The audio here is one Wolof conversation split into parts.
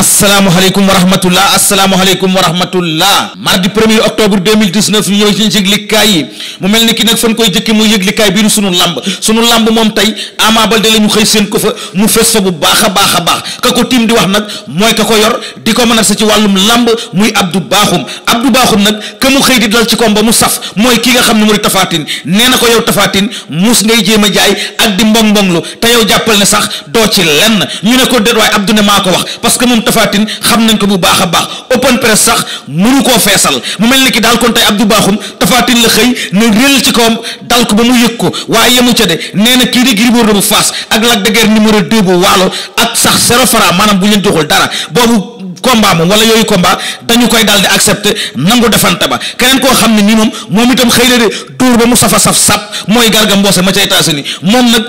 asalaamaaleykum wa rahmatullah asalaamaaleykum wa rahmatullah mardi 1er octobre 2019 ñu ñëw ci yëglikaay yi mu mel ni ki nag fan koy jëkke mooy yëglikaay bii di sunu lamb sunu lamb moom tay Ama Baldé la ñu xëy seen ko fa mu fees fa bu baax a baax a baax ka ko tiim di wax nag mooy ka ko yor di ko mën a sa ci wàllum lamb muy Abdou Bakhoum Abdou Bakhoum nag ka mu xëy di dal ci koom ba mu saf mooy ki nga xam ne mu di tafaatin nee na ko yow tafaatin muus ngay jéem a jaay ak di mbong lu te yow jàppal ne sax doo ci lenn ñu ne ko déet waaye Abdou ne tafaatin xam nañ ko bu baax a baax open press sax mënu koo feesal mu mel ni kii daal kon tey Abdou Bakhoum tafaatin la xëy na réel ci kawam dal ko ba mu yëg ko waaye yemu ca de nee na kii di Gris Bordeaux bu Fass ak Lac de Guiers numéro 2 bu Waalo ak sax zéro franc maanaam bu leen joxul dara boobu combat moom wala yooyu combat dañu koy daal di accepter nangu defante ba keneen koo xam ne nii moom moom itam xëy na de tuur ba mu safa saf sap mooy garga mboose ma ca États-Unis moom nag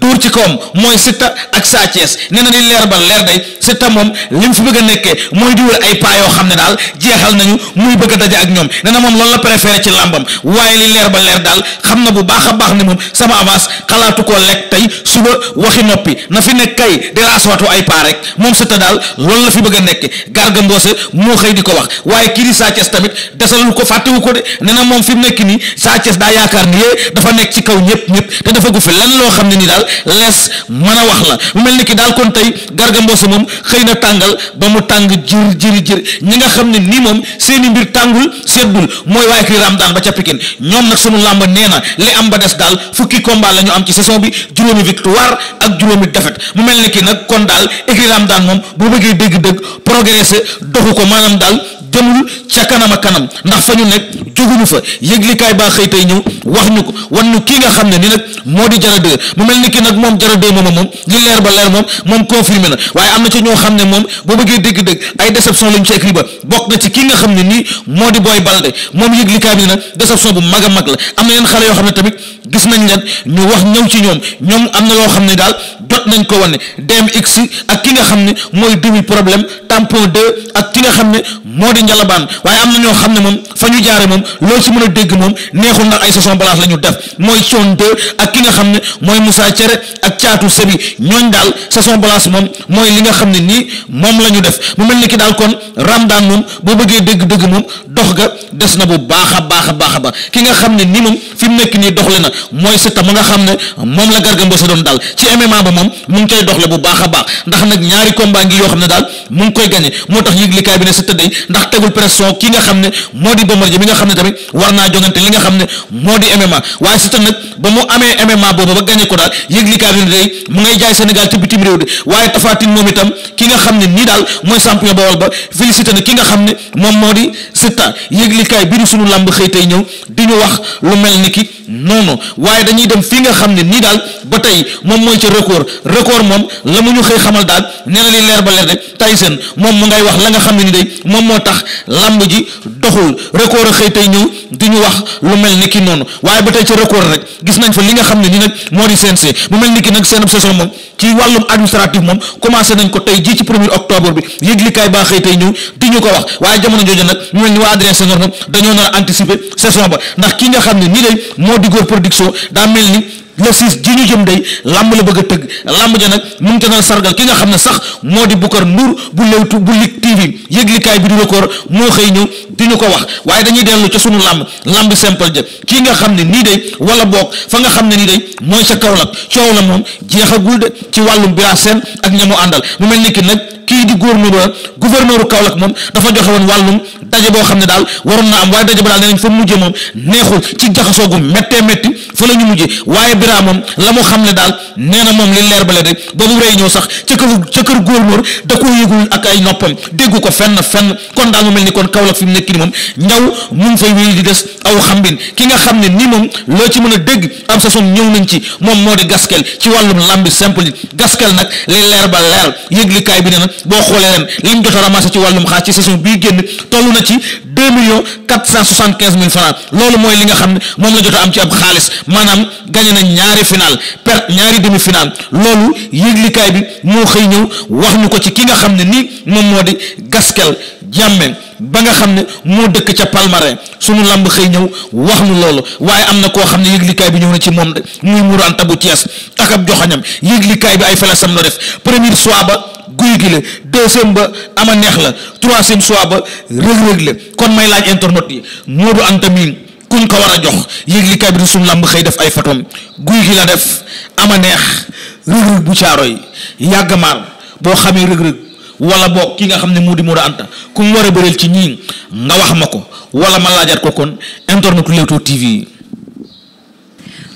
tuur ci kawam mooy Siteu ak Sa Thiès nee na li leer ba leer day Siteu moom li mu fi bëgg a nekkee mooy di wër ay paa yoo xam ne daal jeexal nañu muy bëgg a daje ak ñoom nee na moom loolu la préféré ci làmbam waaye li leer ba leer daal xam na bu baax a baax ne moom sama avance xalaatu koo lekk tey suba waxi noppi na fi nekk kay di raasuwaatu ay paa rek moom Siteu daal la fi bëgg a nekkee Garga Mbossé moo xëy di ko wax waaye kii di Sa Thiès tamit ko fàttewu ko de nee na moom fi mu nekk nii Sa Thiès daa yaakaar ni yee dafa nekk ci kaw ñëpp ñëpp te dafa gu fi lan loo xam ne ni daal lees mën a wax la mu mel ni ki daal kon tey Garga Mbossé moom xëy na tàngal ba mu tàng jër jëri jër ñi nga xam ne nii moom seen i mbir tàngul seddul mooy waaye kii raam daan ba ca Pikine ñoom nag sunu làmb nee na li am ba des daal fukki combat la ñu am ci saison bi juróomi victoire ak juróomi défaite mu mel ni ki nag kon daal écrit raam daan moom boo bëggee dégg-dégg progressé doxu ko maanam daal jëmul ca kanam a kanam ndax fa ñu nekk jóguñu fa yëglikaay baa xëy tey ñëw wax ñu ko wan ñu kii nga xam ne nii nag moo di Jara 2 mu mel ni kii nag moom Jara 2 moom moom leer ba leer moom moom confirmé na waaye am na ci ñoo xam ne moom boo bëggee dégg-dégg ay déception lañ ci écrit ba bokk na ci kii nga xam ne nii moo di Boy Baldé moom yëglikaay bi ne nag déception bu mag a mag la am na yeneen xale yoo xam ne tamit gis nañ leen ñu wax ñëw ci ñoom ñoom am na loo xam ne daal jot nañ ko wane DMX ak ki nga xam ne mooy demi problème tampon 2 ki nga xam ne moo di njalabaan waaye am na ñoo xam ne moom fa ñu jaare moom a dégg moom neexul ndax ay saison balaas la ñu def mooy Thione 2 ki daal saison balaas li nga xam ne nii moom la ñu def mu mel ni ki daal kon Ramdaan moom boo bëggee dégg-dégg moom dox ga des na bu baax a baax a baax a baax ki nga xam ne ni moom fi mu nekk nii doxle na mooy Siteu ma nga xam ne moom la Garga Mbossé doon daal ci MMA ba moom mu ngi koy doxle bu baax a baax ndax nag ñaari combat ngi yoo xam ne daal mu ngi koy gagné moo tax yëgle yéenekaay bi ne sa tëdday ndax tegul pression ki nga xam ne moo di Bombardier mi nga xam ne tamit war naa jongante li nga xam ne moo di MMA waaye sa tëdd nag ba mu amee MMA boobu ba gagné ko daal yéenekaay bi ne làmb xëy tey ñëw di wax lu mel ni ki noonu waaye dañuy dem fii nga xam ne nii daal ba tey moom mooy ca record record moom la mu ñu xëy xamal daal nee na leer ba leer de Tyson moom mu ngay wax la nga xam ne ni day moom moo tax lamb ji doxul record a xëy ñëw di ñu wax lu mel ni kii noonu waaye ba tey ci record rek gis nañ fa li nga xam ne ni nag moo di CNG mu mel ni ki nag seen saison moom ci wàllum administratif moom commencé nañ ko tey jii ci premier octobre bi yëglikaay baa xëy tey ñëw di ñu ko wax waaye jamono jooju nag ñu mel ni waa Adrien Senghor moom dañoo nar a anticiper saison ba ndax ki nga xam ne ni day moo di góor production daa le six ji ñu jëm day làmb la bëgg a tëgg làmb ja nag mu ngi ca sargal ki nga xam ne sax moo di Boucar Ndour bu Leewtoo bu Lutte TV yëglikaay bi di record moo xëy ñëw di ñu ko wax waaye dañuy dellu ca sunu làmb làmb simple ja ki nga xam ne nii day wala boog fa nga xam ne nii day mooy sa Kaolack coow la moom jeexagul de ci wàllum a seen ak ñamu àndal mu mel ni ki nag kii di gouverneur gouverneur Kaolack moom dafa joxe woon wàllum daje boo xam ne daal waroon na am waaye daje ba daal nee nañ fa mujje moom neexul ci jaxasoo gu méttee métti fa la programme am la mu xam ne daal nee na moom li leer bale de boobu réunion sax ca kër ca kër góormóor da koo yëgul ak ay noppam déggu ko fenn fenn kon daal mu mel ni kon Kaolack fi mu nekk ni moom ndaw mu ngi fay wéy di des aw xambin ki nga xam ne ni moom loo ci mën a dégg am sa son ñëw nañ ci moom moo di gaskel ci wàllum lambi simple yi gaskel nag li leer ba leer yëglikaay bi ne na boo xoolee ren liñ jot a ramassé ci wàllum xaas ci saison bii génn toll na ci deux millions quatre cent soixante mille francs loolu mooy li nga xam ne moom la jot a am ci ab xaalis maanaam gagné na ñaari final per ñaari demi final loolu yëglikaay bi moo xëy ñëw wax ñu ko ci ki nga xam ne nii moom moo di gaskel jàmme ba nga xam ne moo dëkk ca palmarin sunu lamb xëy ñëw wax nu loolu waaye am na koo xam ne yëglikaay bi ñëw na ci moom de muy muru anta bu Thiès ak ab joxañam yëglikaay bi ay felasam la def premier soir ba guy gi la deuxième ba ama neex la troisième soit ba rëg-rëg la kon may laaj internautes yi Modou Anta mi kuñ ko war a jox yéeg li kay bi di suñu làmb xëy def ay photom guy gi la def ama neex rëg-rëg bu caaro yi yàgg maar boo xamee rëg-rëg wala boog ki nga xam ne mu di Modou Anta ku mu war a bëreel ci ñii nga wax ma ko wala ma laajaat ko kon internet Leewtoo TV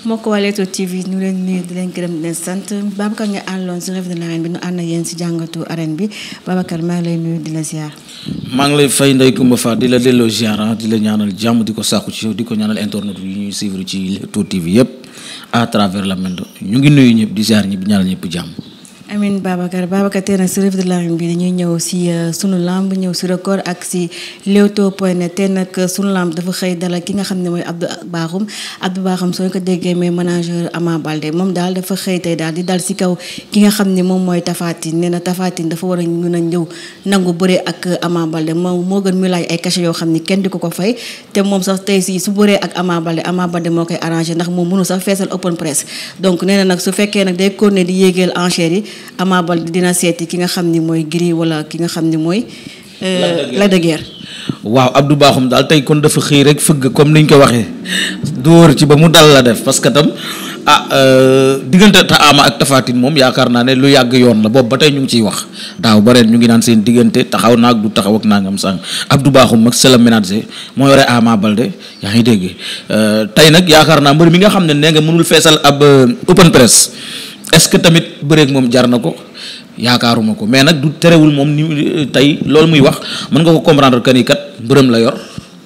mbokk waa Leewtoo TV ñu leen nuyu di leen gërëm di leen sant Babacar nga àndoon si revue de l'arène bi ñu ànd ak yéen si jàngatu arène bi Babacar maa ngi lay nuyu di si ziar. maa ngi lay fay Ndeye Coumba Fall di la delloo ziar ah, di la ñaanal jàmm di ko sàkku ci di ko ñaanal internet yi ñuy suivre ci Leewtoo TV yëpp à travers la monde ñu ngi nuyu ñëpp di ziar ñëpp ñaanal ñëpp jàmm. amin Babacar Babacar tey nag si revue de l'arène bi dañuy ñëw si euh, sunu lamb ñëw si record ak si Leewtoo point net tey nag euh, sunu lamb dafa xëy dalal ki nga xam ne mooy Abdou Bakhoum Abdou Bakhoum soo ko déggee mooy manager Ama Baldé moom daal dafa xëy tey daal di dal si kaw ki nga xam ne moom mooy Tafatine nee na Tafatine dafa war a mën a ñëw nangu bëre ak euh, Ama Baldé moom moo gën muy laaj ay cachet yoo xam ni kenn di ko ko fay te moom sax tey si su bëree ak Ama Baldé Ama Baldé moo koy arrangé ndax moom mënu sax feesal open press donc nee na nag su fekkee nag day continuer di yéegeel enchères yi Ama Baldé dina seeti ki nga xam ni mooy Gris wala ki nga xam ni mooy. Euh, Lac de Guiers waaw Abdou baaxum daal tey kon dafa xëy rek fëgg comme ni ñu ko waxee dóor ci ba mu dal la def parce que tam ah euh, diggante ta Ama ak Tapha moom yaakaar naa ne lu yàgg yoon la boobu ba tey ñu ngi ciy wax daaw ba ñu ngi naan seen diggante taxaw naag du taxaw ak nangam sàng Abdou baaxum mag Sela Ménager moo yore Ama Baldé yaa ngi dégg euh, tey nag yaakaar naa mbër mi nga xam ne nee nga mënul feesal ab open press est-ce que tamit bëreek moom jar na ko yaakaaruma ko mais nag du terewul moom ni euh, tey loolu muy wax mën nga ko comprendre que ni kat mbërëm la yor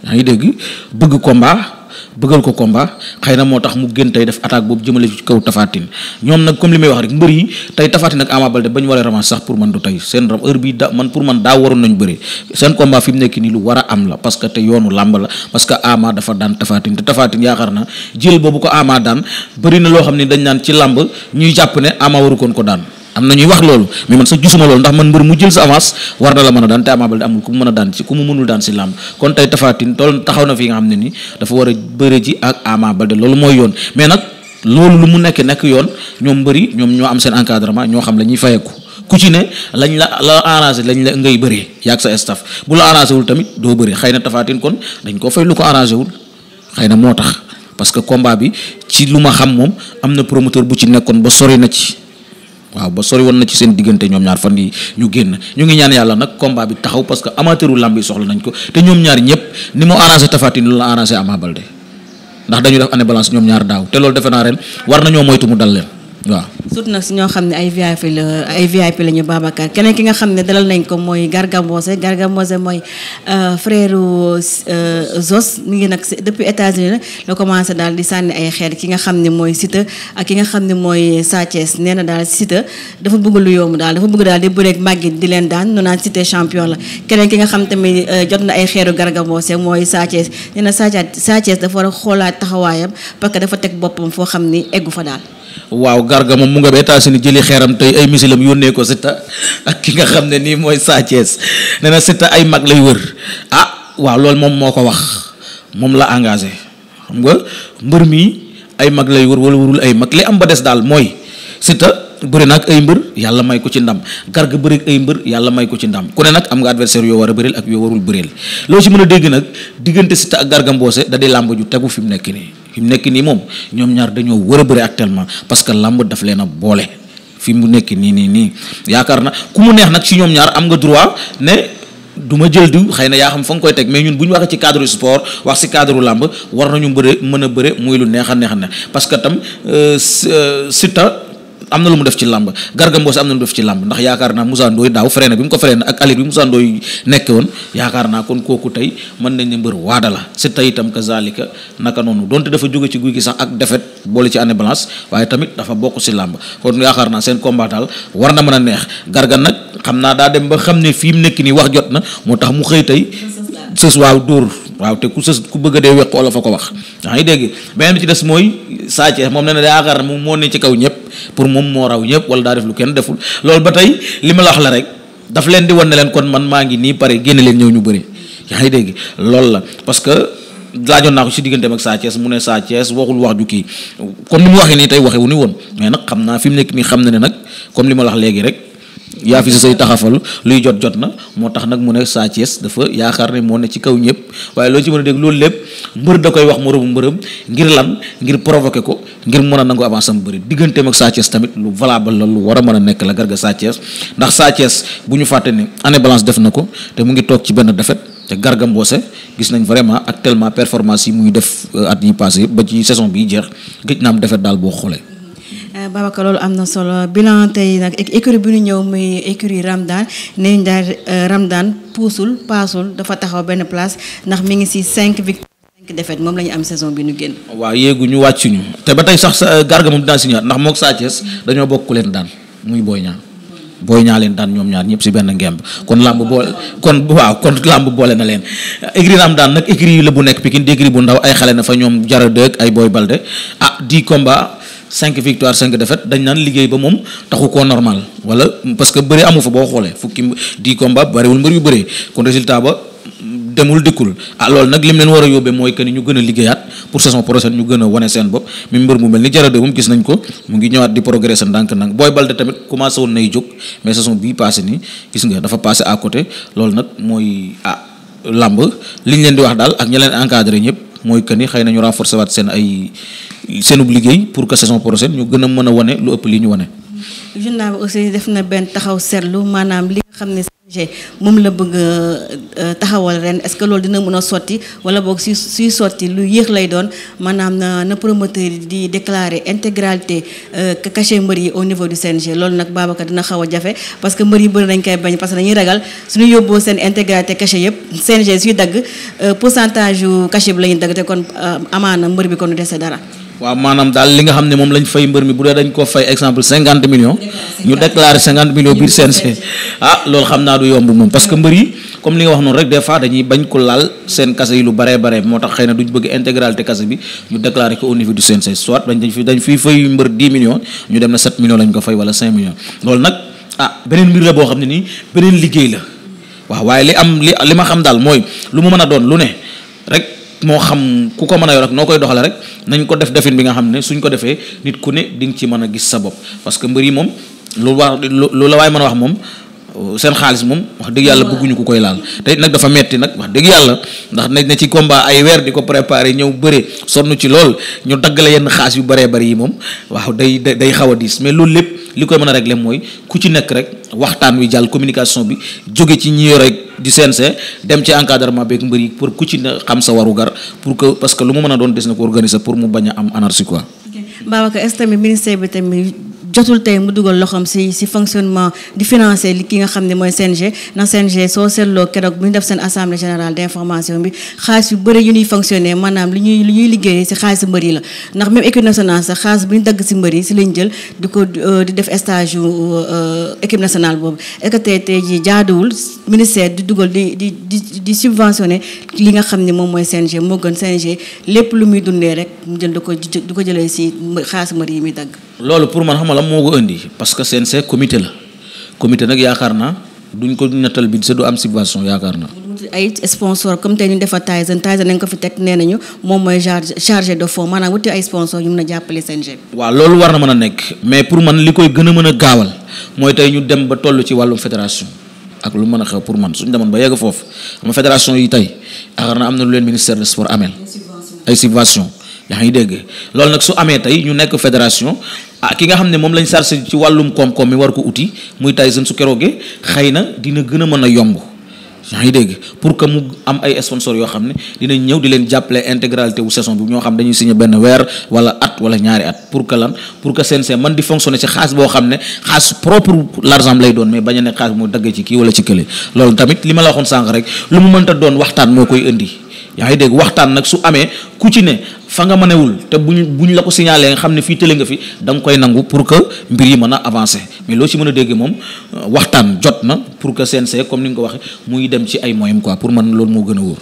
yaa ngi dégg bëgg combat. bëggal ko combat xëy na moo tax mu gën tey def attaque boobu jëmale ci kaw tafaatin ñoom nag comme li may wax rek mbër yi tey tafaatin ak Ama Baldé ba ñu waree revanche sax pour man du tey seen ram heure bi da man pour man daa waroon nañ bëri seen combat fi mu nekk nii lu war am la parce que te yoonu làmb la parce que Ama dafa daan tafaatin te tafaatin yaakaar na jël boobu ko Ama daan bëri na loo xam ne dañ naan ci làmb ñuy jàpp ne Ama waru koon ko daan am na ñuy wax loolu mais man sax gisuma loolu ndax man mbër mu jël sa avance war na la mën a daan te Ama Baldé amul ku mu mën a daan ci ku mu mënul daan si làmb kon tey Tapha Tine tool taxaw na fi nga xam ne ni dafa war a bëre ji ak Ama Baldé loolu mooy yoon mais nag loolu lu mu nekk nekk yoon ñoom mbëri ñoom ñoo am seen encadrement ñoo xam la ñuy fayeku ku ci ne lañ la la arrangé lañ la ngay bëree yàgg sa staff bu la arrangé wul tamit doo bëri xëy na Tapha kon dañ koo fay ko arrangé wul xëy na moo tax parce que combat bi ci lu ma xam moom am na promoteur bu ci nekkoon ba sori na ci waaw ba sori woon na ci seen diggante ñoom ñaar fan yi ñu génn ñu ngi ñaan yàlla nag combat bi taxaw parce que amateuru lamb yi soxla nañ ko te ñoom ñaar ñëpp ni mu arrangé Tapha Tine loolu la arrangé Ama ndax dañu def année balance ñoom ñaar daaw te loolu defe naa ren war nañoo moytu mu dal leen waaw surtout nag si ñoo xam ne ay VIP la ay VIP la ñu Babacar keneen ki nga xam ne dalal nañ ko mooy Garga Mbossé Garga Mbossé mooy euh, frère euh, Zos mi ngi nag depuis États-Unis commencé daal di sànni ay xeer ki nga xam ne mooy Siteu ak ki nga xam ne mooy Sa nee na daal Siteu dafa bëgg lu yomb daal dafa bëgg daal di bëreeg màggit di leen daan nu naan Siteu champion la keneen ki nga xam tamit euh, jot na ay xeeru Garga Mbossé mooy Sa Thiès nee na Sa Thiès dafa war a xoolaat taxawaayam parce que dafa teg boppam foo xam ni eggu fa daal waaw garga moom mu nga ba États-Unis jëli xeeram tey ay misilam yónnee ko Siteu ak ki nga xam ne nii mooy Sa Thiès nee na Siteu ay mag lay wër ah waaw loolu moom moo ko wax moom la engage xam nga mbër mii ay mag lay wër wala wërul ay mag li am ba des daal mooy Siteu bëri na ak ay mbër yàlla may ko ci ndam garga bëri ak ay mbër yàlla may ko ci ndam ku ne nag am nga adversaire yoo war a bëreel ak yoo warul bëreel loo ci mën a dégg nag diggante Siteu ak garga mboose da di làmb ju tegu fi mu nekk nii fi mu nekk nii moom ñoom ñaar dañoo wër a bëri actuellement parce que lamb daf leen a boole fi mu nekk nii nii nii yaakaar na ku mu neex nag ci ñoom ñaar am nga droit ne. du jël diw xëy na yaa xam fa nga koy teg mais ñun bu ñu waxee ci cadre sport wax ci cadre làmb war nañu bëre mën a bëre muy lu neex a neex na tam euh, euh, Siteu am na lu mu def ci làmb Garga Mbossé am na lu mu def ci làmb ndax yaakaar naa Moussa Ndoye daaw freiné bi mu ko freiné ak alir bi Moussa Ndoye yaakaar naa kon kooku tey mën nañ ne mbër waada la si tey itam kazalika naka noonu donte dafa jóge ci guy sax ak defet boole ci année blanche waaye tamit dafa bokk si làmb kon yaakaar naa seen combat daal war na mën a neex Garga nag xam naa daa dem ba xam ne fii mu nekk nii wax jot na moo tax mu xëy tey sës waaw dóor waaw te ku sës ku bëgg a dee weq wala fa ko wax yaa ngi dégg beneen bi ci des mooy Sa moom nee na yaakaar na moom moo ne ci kaw ñëpp pour moom moo raw ñëpp wala daa def lu kenn deful loolu ba tey li ma la wax la rek daf leen di wan ne leen kon man maa ngi nii pare génne leen ñëw ñu bëri yaa ngi dégg loolu la parce que laajoon naa ko ci digganteem ak Sa Thiès mu ne Sa Thiès waxul wax ju kii comme ni mu waxee nii tey waxewu ni woon mais nag xam naa fi mu nekk nii xam na ne nag comme li ma la wax léegi rek. yaa fi si say taxafal luy jot jot na moo tax nag mu ne Sa dafa yaakaar ne moo ne ci kaw ñëpp waaye loo ci mën a dégg loolu lépp mbër da koy wax moromu mbëram ngir lan ngir provoquer ko ngir mën a nangu avance am bëri digganteem ak Sa tamit lu valable la lu war a mën a nekk la Garga Sa ndax Sa bu ñu fàtte ne année balance def na ko te mu ngi toog ci benn défaite te Garga mboose gis nañ vraiment actuellement performance yi muy def euh, at yi passé ba ci saison bi jeex gëj na am défaite boo xoolee. Euh, Babacar loolu am na solo bilan tey nag écurie bu ñu ñëw muy écurie Ramdan nee ñu daal euh, Ramdan puusul paasul dafa taxaw benn place ndax mi ngi ci cinq victoires cinq défaites moom la ñu am saison bi ñu génn. waaw yéegu ñu wàccuñu te ba tey sax sa euh, garga moom dinaa si ñëwaat ndax moog Sa dañoo bokk leen daan muy booy Niang Boy Niang leen daan ñoom ñaar ñëpp si benn ngemb kon làmb boole kon waaw kon làmb boole na leen écurie Ramdan nag écurie la bu nekk Pikine di écurie bu ndaw ay xale na fa ñoom Jara Dëgg ay Boy Balde ah cinq victoire cinq defet dañ naan liggéey ba moom taxu ko normal wala parce que bëre amu fa boo xoolee fukki di combat bariwul mbër yu bëree kon résultat ba demul dikkul ah loolu nag lim leen war a yóbbee mooy que ni ñu gën a liggéeyaat pour saison prochaine ñu gën seen bopp mi mbër ni jarade moom gis nañ ko mu ngi ñëwaat di progresser ndànk ndànk booy balde tamit commencé woon nay jóg mais saison bii passé nii gis nga dafa passé à côté loolu nag mooy ah làmb liñ leen di wax daal ak ña leen encadré ñëpp mooy que ni xëy na waat seen ay seenub liggéey pour que saison prochaine ñu gën a mën a lu ëpp li ñu wane. journal bi aussi def na benn taxaw seetlu maanaam li xam ne moom la bëgg euh, euh, taxawal ren est-ce que loolu dina mën a sotti wala boog si suy sotti lu yéex lay doon maanaam na na promoteur yi di déclarer intégralité euh, cachet mbër yi au niveau du CNG loolu nag Babacar dina xaw a jafe parce que mbër yi bëri nañ koy bañ parce que dañuy ragal suñu yóbboo seen intégralité cachet yëpp CNG suy dagg pourcentage yu cachet bi la ñuy dagg te kon amaana mbër bi kon du dese dara waaw maanaam daal li nga xam ne moom lañ fay mbër mi bu dee dañ ko fay exemple cinquante millions ñu déclaré cinquante millions biir CNG ah loolu xam naa du yomb moom parce que mbër yi comme li nga wax noonu rek des fois dañuy bañ ko laal seen kase yi lu baree bare moo tax xëy na duñ bëgg intégralité kase bi ñu déclaré ko au niveau du CNG soit dañ dañ fi dañ mbër 10 millions ñu dem na 7 millions lañ ko fay wala 5 millions loolu nag ah beneen mbir la boo xam ne nii beneen liggéey la waaw waaye li am li li ma xam daal mooy lu mu mën a doon lu ne rek moo xam ku ko mën a yor ak noo koy doxale rek nañ ko def defin bi nga xam ne suñ ko defee nit ku ne di nga ci mën a gis sa bopp parce que mbër yi moom lu war lu la waaye man a wax moom seen xaalis moom wax dëgg yàlla bëgguñu ku koy laal te nag dafa metti nag wax dëgg yàlla ndax nañ na ci combat ay weer di ko préparer ñëw bëre sonn ci lool ñu daggale yenn xaas yu baree bari yi moom waaw day day xaw a diis mais loolu lépp li koy mën a régler mooy ku ci nekk rek waxtaan wi jàll communication bi jóge ci ñi yore du CNC dem ci encadrement beeg mbër yi pour ku ci na xam sa waru pour que parce lu mu mën a doon des na ko organiser pour mu bañ a am anarchie quoi. Babacar est-ce ministère bi tamit jotul tey mu dugal loxoom si si fonctionnement di financer li ki nga xam ne mooy CNG CNG soo seetloo keroog bu ñu def seen assemblée générale d' information bi xaalis yu bëri yu ñuy fonctionner maanaam li ñuy li ñuy liggéeyee si xaalis la ndax même équipe nationale sax bu ñu dagg si mbër yi jël di ko euh, di def stage yu euh, équipe nationale boobu est-ce jii jaaduwul ministère di dugal di di di di subventionner li nga xam ne moom mooy CNG moo gën CNG lépp lu muy dundee rek mu jël di ko di ko jëlee si xaalis mbër yi muy dagg loolu pour man xamala moo ko indi parce que CNG comité la comité nag yaakaar na duñ ko nattal bi du am subvention yaakaar naa. ay sponsor comme defa Tyson Tyson nañ ko fi teg nee nañu moom mooy chargé de fonds maanaam wuti ay sponsor ñu a jàppale CNG. waaw loolu war na mën a nekk mais pour man li koy gën a mën a gaawal mooy tey ñu dem ba toll ci wàllum fédération ak lu mën a xew pour man suñu demoon ba yegg foofu xam nga yi tey yaakaar naa am na lu leen ministère de sport ameel ay subvention yaa ngi dégg loolu nag su amee tey ñu nekk fédération ah ki nga xam ne moom lañ sarse ci wàllum koom-koom mi war ko uti muy Tyson su keroogee xëy na dina gën a mën a yomb yaa ngi dégg pour que mu am ay sponsor yoo xam ne dinañ ñëw di leen jàppale intégralité wu saison bi ñoo xam dañuy signé benn weer wala at wala ñaari at pour que lan pour que CNG man di fonctionner ci xaas boo xam ne xaas propre l'argent lay doon mais bañ a nekk xaas mu daggee kii wala ci kële loolu tamit li ma la waxoon sànq rek lu mu mënta doon waxtaan moo koy indi. yaa ngi dégg waxtaan nag su amee ku ci ne fa nga mënewul te bu ñu buñ buñ la ko signalé nga xam ne fii tële nga fi danga koy nangu pour que mbir yi mën a avancé mais loo ci mën a dégg moom euh, waxtaan jot na pour que CNG comme ni nga ko waxee muy dem ci ay moyens quoi pour man loolu moo gën a wóor.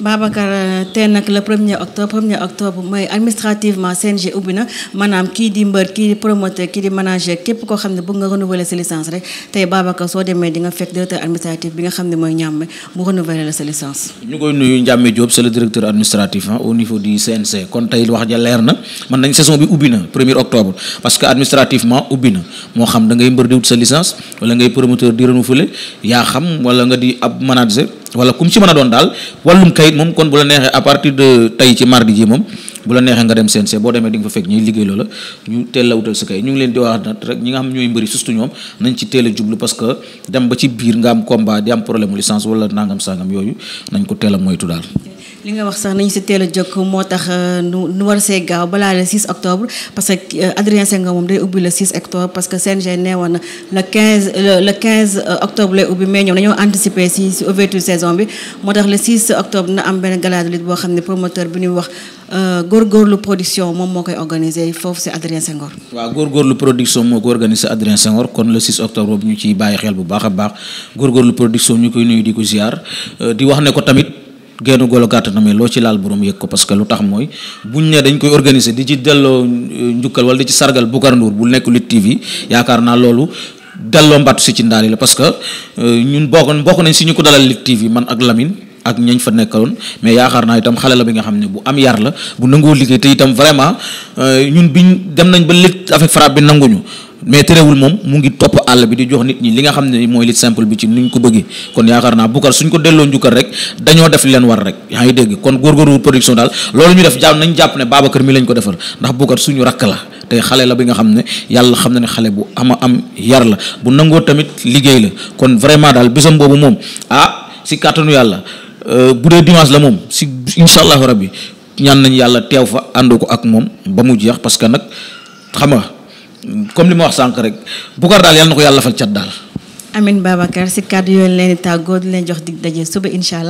Babacar euh, tey nag le premier octobre premier octobre mooy administrativement CNG ubbi na maanaam kii di mbër kii di promoteur kii di manager képp koo xam ne bëgg nga renouveler sa licence rek tey Babacar soo demee di nga fekk directeur administratif bi nga xam ne mooy ñàmme mu renouveler sa licence. ñu koy nuyu Ndiame Diop c'est le directeur administratif au niveau du CNG kon tey wax ja leer na man nañ saison bi ubbi na premier octobre parce que xam da ngay mbër di wut sa licence wala ngay promoteur a doon moom kon bu la neexee à partir de tey ci mardi ji moom bu la neexee nga dem CNG boo demee di nga fa fekk ñuy liggéey loola ñu teel la wutal sa kay ñu ngi leen di wax nag rek ñi nga xam ñooy mbëri surtout ñoom nañ ci teel a jublu parce que dem ba ci biir nga am combat di am problème licence wala nangam sangam yooyu nañ ko teel a moytu daal li nga wax sax nañu si teel a jóg moo tax euh, nu nu war see gaaw balaa le octobre parce que euh, Adrien Senghor moom day ubbi le octobre parce que CNG neewoon na le 15 le 15 euh, octobre lay ubbi mais ñoom dañoo anticiper si si saison bi moo tax le 6 octobre na am benn gala de lutte boo xam ne promoteur bi ñuy wax góorgóorlu production moom moo koy organiser foofu si Adrien Senghor. waaw góorgóorlu production moo ko organiser Adrien Senghor kon le octobre boobu ñu ciy bàyyi xel bu baax a baax góorgóorlu production ñu koy nuyu di ko ziar di wax ne ko tamit. génn golo gàtt na mais loo ci laal borom yëg ko parce que lu tax mooy buñ ne dañ koy organiser di ci delloo euh, njukkal wala di ci sargal Boucar Ndour bu nekk Lutte TV yaakaar naa loolu delloo mbattu si ci ndaali la parce que euh, ñun bokk bokk nañ si ñu ko dalal Lutte TV man ak Lamine. ak ñañ fa nekkaloon mais yaakaar naa itam xale la bi nga xam ne bu am yar la bu nangoo liggéey te itam vraiment euh, ñun biñ dem nañ ba lit avec frappe bi nanguñu mais terewul moom mu ngi topp àll bi di jox nit ñi li nga xam ne mooy lutte simple bi ci nuñ ko bëggee kon yaakaar naa Boucar suñ ko delloo njukkal rek dañoo def li leen war rek yaa ngi dégg kon góorgóorlu production daal loolu ñu def jàpp nañ jàpp ne Babacar mi lañ ko defal ndax Boucar suñu rakk la te xale la bi nga xam ne yàlla xam na ne xale bu ama am yar la bu nangoo tamit liggéey la kon vraiment daal bisam boobu moom ah si kàttanu yàlla euh, bu dee dimanche la moom si incha allahu rabbi ñaan nañ yàlla teew fa àndoo ko ak moom ba mu jeex parce que nag xam nga comme li ma wax sànq rek Boucar daal yàlla na ko yàlla fal cat daal Amin Babacar si kàddu yooyu leen di tàggoo di leen jox dig daje suba incha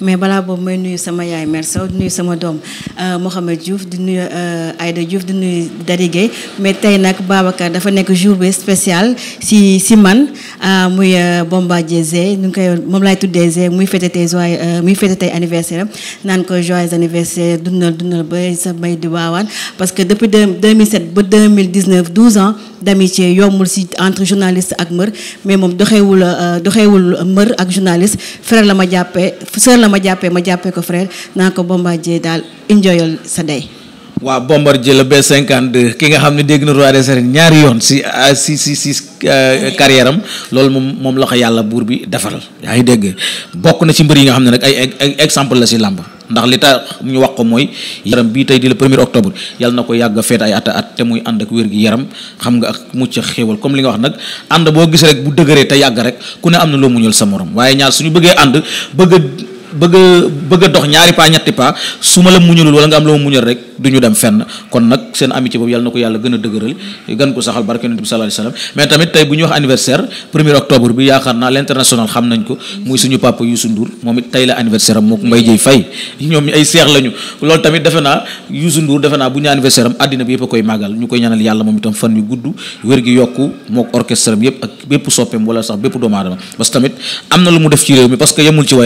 mais balaa boobu may nuyu sama yaay mère Sow di nuyu sama doom euh, Mouhamed Diouf di nuyu euh, Aïda Diouf di nuyu Dari mais tey nag Babacar dafa nekk jour bi si si man euh, muy Bombardier Zé ñu ngi koy moom laay tuddee Zé muy fête tey joyeux muy fête tey anniversaire naan ko joyeux anniversaire dundal dundal ba sa may di waawaan parce que depuis 2007 ba 2019 12 ans d'amitié yombul si entre journaliste doxewul euh, doxewul mbër ak journaliste frère la ma jàppee sœur la ma jàppee ma jàppee ko frère naa ko Bombardier daal enjoyal sa day waaw Bombardier le B52 ki nga xam ne dégg na roi des arènes ñaari yoon si euh, si si si euh, carrière am loolu moom moom la yàlla buur bi defaral yaa ngi dégg bokk na ci mbër yi nga xam ne nag ay exemple la si làmb ndax li tax ñu wax ko mooy yaram bii tey di le premier octobre yàlla na ko yàgg feet ay at at te muy ànd ak wér gi yaram xam nga ak mucc ak xéewal comme li nga wax nag ànd boo gis rek bu dëgëree te yàgg rek ku ne am na loo muñul sa moroom waaye ñaar suñu bëggee ànd bëgg bëgg bëgg dox ñaari paa ñetti paa su ma la muñulul wala nga am loo muñul rek du ñu dem fenn kon nag ak seen amitié boobu yàlla na ko yàlla gën a dëgëral gën ko saxal barke yonent bi sallallahu alayhi wasallam mais tamit tey bu ñuy wax anniversaire premier octobre bi yaakaar naa l'international xam nañ ko muy suñu papa Youssou Ndour moom it tey la anniversaire àddina bi yëpp a koy màggal ñu koy ñaanal yàlla moom itam fan yu gudd wér gi yokku mook orchestre am ak bépp soppeem wala sax bépp doomu aadama parce tamit am na lu mu def ci réew mi parce yemul ci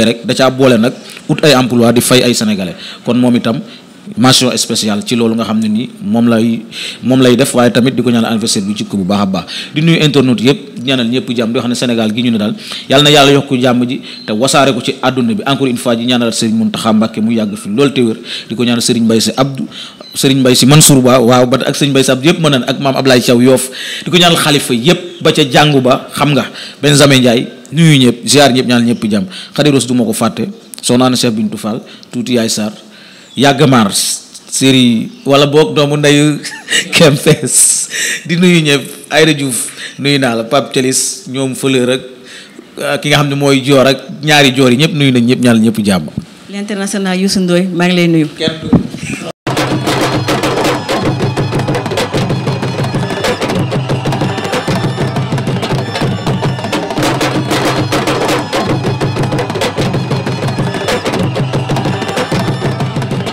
mention spéciale ci loolu nga xam ne nii moom lay moom lay def waaye tamit di ko ñaanal anniversaire bi ci ko bu baax a baax di nuyu internautes yëpp ñaanal ñëpp jàmm di wax gi ñu ne daal yàlla na yàlla yokk jàmm ji te wasaare ko ci àdduna bi encore une fois ji ñaanal Serigne Mountakha Mbacké mu yàgg loolu te wér di ko ñaanal Serigne Mbaye Sy Abdou Serigne Mbaye Sy Mansour Ba waaw ba ak Serigne Mbaye Sy Abdou yëpp mën nan ak maam Ablaye Thiaw Yoff di ko ñaanal xalifa yëpp ba ca jàngu ba xam nga Benjamin Ndiaye nuyu ñëpp ziar ñëpp ñaanal ñëpp jàmm Khady Rose du ma ko fàtte soxna Anna Cheikh Bintou Fall tuuti Yaay Sarr yàggamaar série wala boog doomu ndeyu kempes di nuyu ñëpp Aïda Diouf nuyu naa la Pape Telis ñoom fëlër ak ki nga xam ne mooy joor ak ñaari joor yi ñëpp nuyu nañ ñëpp ñaanal ñëpp jàmm. l'international Youssou Ndoye maa ngi lay nuyu.